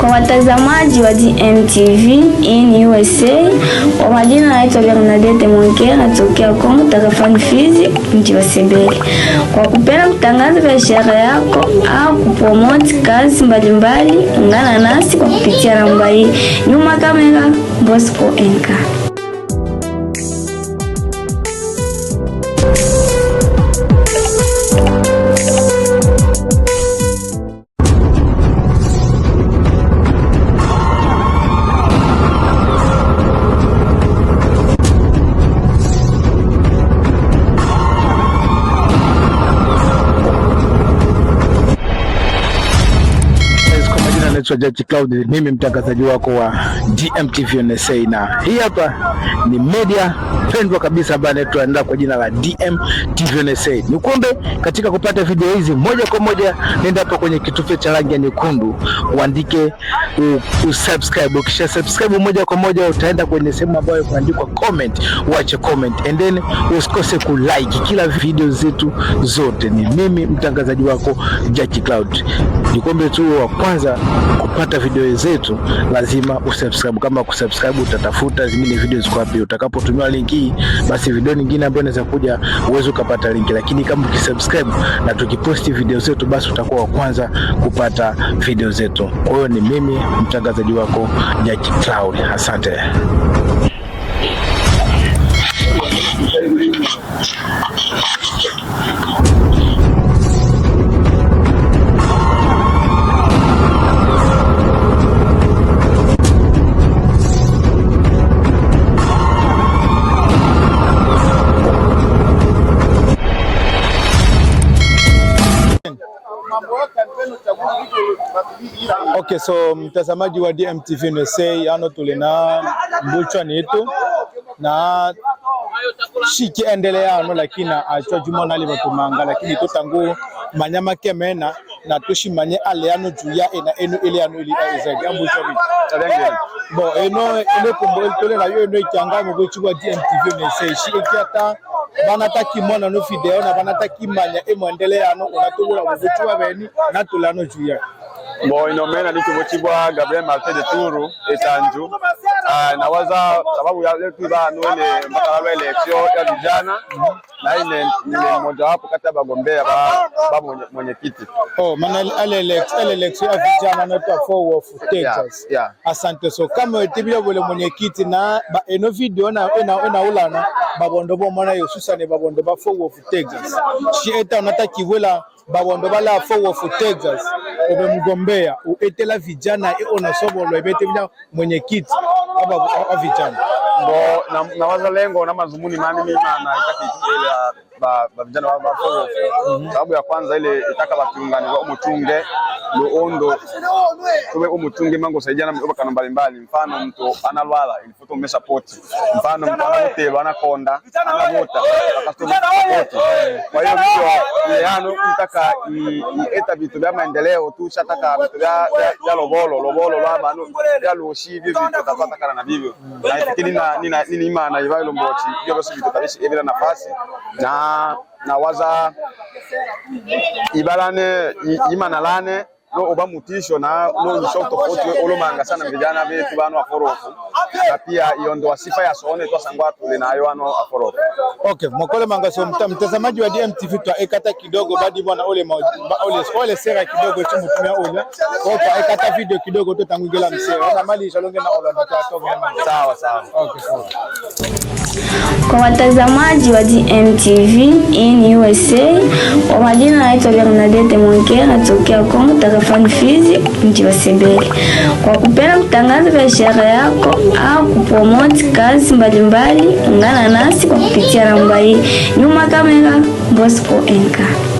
Kwa watazamaji wa DMTV in USA, kwa majina naitwa Bernadette Monke, natokea Kongo, tarafani Fizi, mji wa Sebele. Kwa kupenda kutangaza biashara yako au kupromoti kazi mbalimbali, ungana nasi kwa kupitia namba hii, nyuma kamera Bosco Enka. anaitwa Jaji Cloud, mimi mtangazaji wako wa GMTV USA, na hii hapa ni media mpendwa kabisa ambaye anaenda kwa jina la DM TVNSA. Nikumbe katika kupata video hizi moja kwa moja, nenda hapo kwenye kitufe cha rangi ya nyekundu uandike usubscribe. Ukisha subscribe moja kwa moja utaenda kwenye sehemu ambayo imeandikwa comment, uache comment and then usikose kulike kila video zetu zote. Ni mimi mtangazaji wako Jackie Cloud. Ni Nikombe tu wa kwanza kupata video zetu lazima usubscribe. Kama kusubscribe utatafuta zingine video ziko wapi, utakapotumiwa linki hii, basi video nyingine ambayo inaweza kuja uweze ukapata linki, lakini kama ukisubscribe na tukiposti video zetu, basi utakuwa wa kwanza kupata video zetu. Kwa hiyo ni mimi mtangazaji wako Jaki Cloud, asante. Okay, so mtazamaji wa DMTV USA, ano tulina mbuchwa nitu na shiki endeleano lakini achwa juma nali vatumanga lakini tutangu manyama kemena na tushimanye aleano juu eh, ya ena enu ile anu ili ezega mbuchwa bo eno eno kumbo tole na yo ichanga mubuchi wa DMTV USA shi ikiata vanatakimona no video na vanatakimanya emwendeleano unatuvula mubuchi wa veni natulano juu yake boinomena likivochibwa Gabriel martin de turu etanju esanju ah, nawaza sababu ya leo tuza nole mpaka lalo eleksio ya vijana na ile mmoja wapo kata ya bagombea ba ba mwenyekiti. Oh, mana ale eleksio ya vijana na kwa for of Texas. Asante so kama etibile bole mwenyekiti na ba eno video na ena ena ulana babondo bomona yosusa ne babondo ba for of Texas. Shi eta unataki wela babondo balafa wofu Texas umemgombea uetela vijana eona sobolwa ibete vijana mwenyekiti aba vijana bo na, na waza lengo na mazumuni mani mimi maana itaki ba vijana ba, bafu sababu ya kwanza ile itaka batunganirwa umutunge luondo tube umutunge mango saidia saijana mubakano mbalimbali mfano mtu analwala ilifuta umesha poti mfano mtu anamuteba anakonda anamuta akasopoti kwa hiyo mtu ano itaka ieta vitu vya maendeleo tu, tushataka vitu vya lobolo lobolo lwa banu vya lushi hivyo vitu kana na vivyo na nafikiri nina imana mbochi vyo basi vitu tavishi evira nafasi na na nawaza ibalane imanalane no oba mutisho na no nyisha utofauti olomanga sana vijana vetu bano aforofu na pia iyo ndo wasifa ya soone sangwa tuli nayo ano aforofu. Okay, Mwakole Mangaso, mtazamaji wa DMTV twa ekata kidogo badi bwana ole ma, ole ole sera kidogo tu mutumia ole kwa twa ekata video kidogo tangu tangwingela msera na mali shalonge na olonda kwa to sawa sawa. Okay, sawa. Kwa watazamaji wa DMTV in USA, kwa majina naitwa Bernadette Mwankera, natokea Kongo, tarafani Fizi, mji wa Sebele. Kwa kupenda kutangaza biashara yako au kupromote kazi mbalimbali, ungana nasi kwa kupitia namba hii, nyuma kamera Bosco Enka.